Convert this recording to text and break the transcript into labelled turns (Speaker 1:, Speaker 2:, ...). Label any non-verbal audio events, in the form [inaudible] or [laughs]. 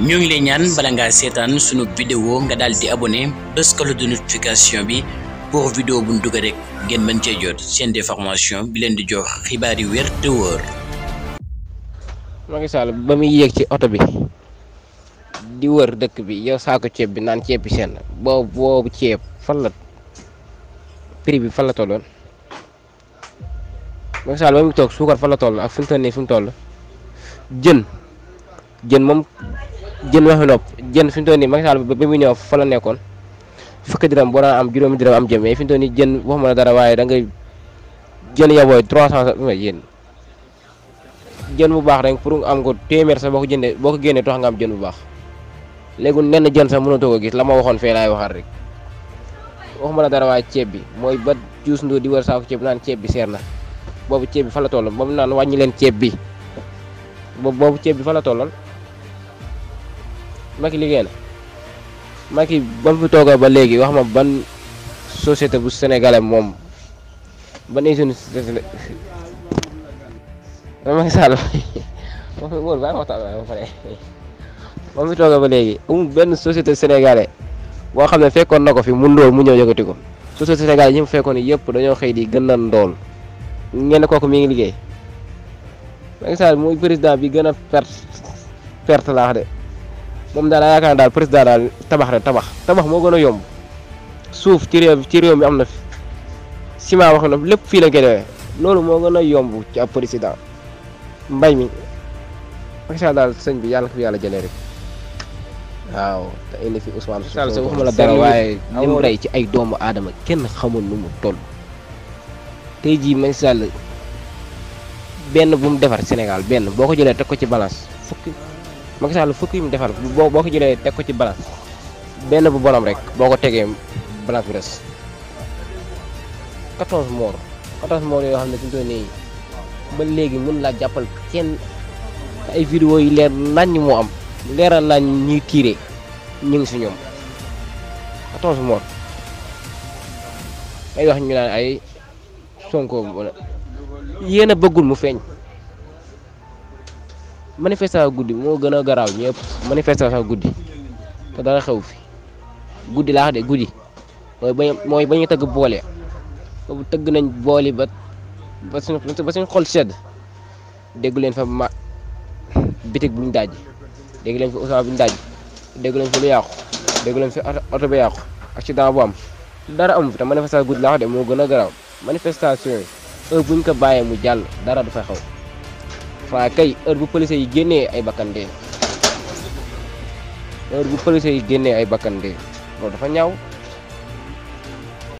Speaker 1: ñu ngi lay ñaan bala nga sétane suñu vidéo nga dal di abonné bés ko de notification bi pour vidéo bu dugg rek gën mën cee jot seen déformation bi leen di jox xibaar yu wër te wóor. Macky Sall ba mi yegg ci auto bi di wër dëkk bi yow saako ceeb bi naan ceeb bi seen bo boobu ceeb fan la prix bi fan la tolloon Macky Sall ba mi tok suukar fan la toll ak fi mu toll nii fi mu toll jën. jën moom jeun waxi nop jeun fiñ toni toll nii Macky Sall ba bi mu fa la nekkon fukk diram bo am juroom diram am jëm mais fi mu nii jën waxuma la dara waye da ngay ya boy 300 ma yéen jeun bu baax rek pour am ko témer sa boo ko jëndee boo tax nga am jeun bu baax léegi nenn jeun sa mëno togo gis lama waxon waxoon lay laay rek waxuma la dara waye ceeb bi mooy ba juus ndo di wër saako ceeb naan ceeb bi serna bobu boobu bi fa la tollu bobu mu naan wàññi leen ceeb bi boobu bi fa la tollu Macky liggéey na Macky ba mu fi tooga ba léegi wax ma ban société bu sénégalais moom ban usine [laughs] Macky Sall wóor [laughs] ba pare [laughs] ba mu fi tooga ba léegi amul benn société sénégalais boo xam ne fekkoon na ko fi mu ndóol mu ñëw yëkkati ko société sénégalais yi fekkoon yëpp dañoo xëy di gën a ndool ngeen kooku mi ngi liggéey Macky Sall président bi gën a perte perte de moom daal yaakaar naa daal président daal tabax rek tabax tabax moo gën a yomb suuf ci réew ci réew mi am na fi ciment wax na lépp fii la koy defee loolu moo gën a yomb ci ab président mbay mi Macky daal sëñ bi yàlla ko yàlla jëlee rek waaw te indi fi Ousmane Sall sa waxuma la dara waaye li rey ci ay doomu aadama kenn xamul nu mu toll tey jii Macky benn bu defar Sénégal benn boo ko jëlee teg ko ci balance Macky Sall fukk yi mu defar boo boo ko jëlee teg ko ci balance benn bu bonam rek boo ko tegee balance bi res 14 morts 14 morts yoo xam ne fi mu toll ba léegi mun laa jàppal kenn ay vidéo yi leer nañ moo am leeral nañ ñuy tiire ñu ngi si ñoom 14 morts ay wax ñu naan ay Sonko wala yéen bëggul mu feeñ. manifestation guddi moo gën a garaaw ñëpp manifestation guddi te dara xew fi guddi laa guddi mooy bañ mooy bañ tëgg boole boobu tëgg nañ booli ba ba suñ ba suñ xol sedd déggu leen fa ma bitig ñu daj dégg leen fa ousaan buñ daj déggu leen fa lu yàqu déggu leen fi oto bi yàqu daa bu am dara am fi te manifestation guddi laa moo gën a garaaw manifestation yi heure buñ ko bàyyee mu jàll dara du fa xew waaw kay heure bu police yi génnee ay bakkande dee bu police yi génnee ay bakkande dee dafa ñaaw.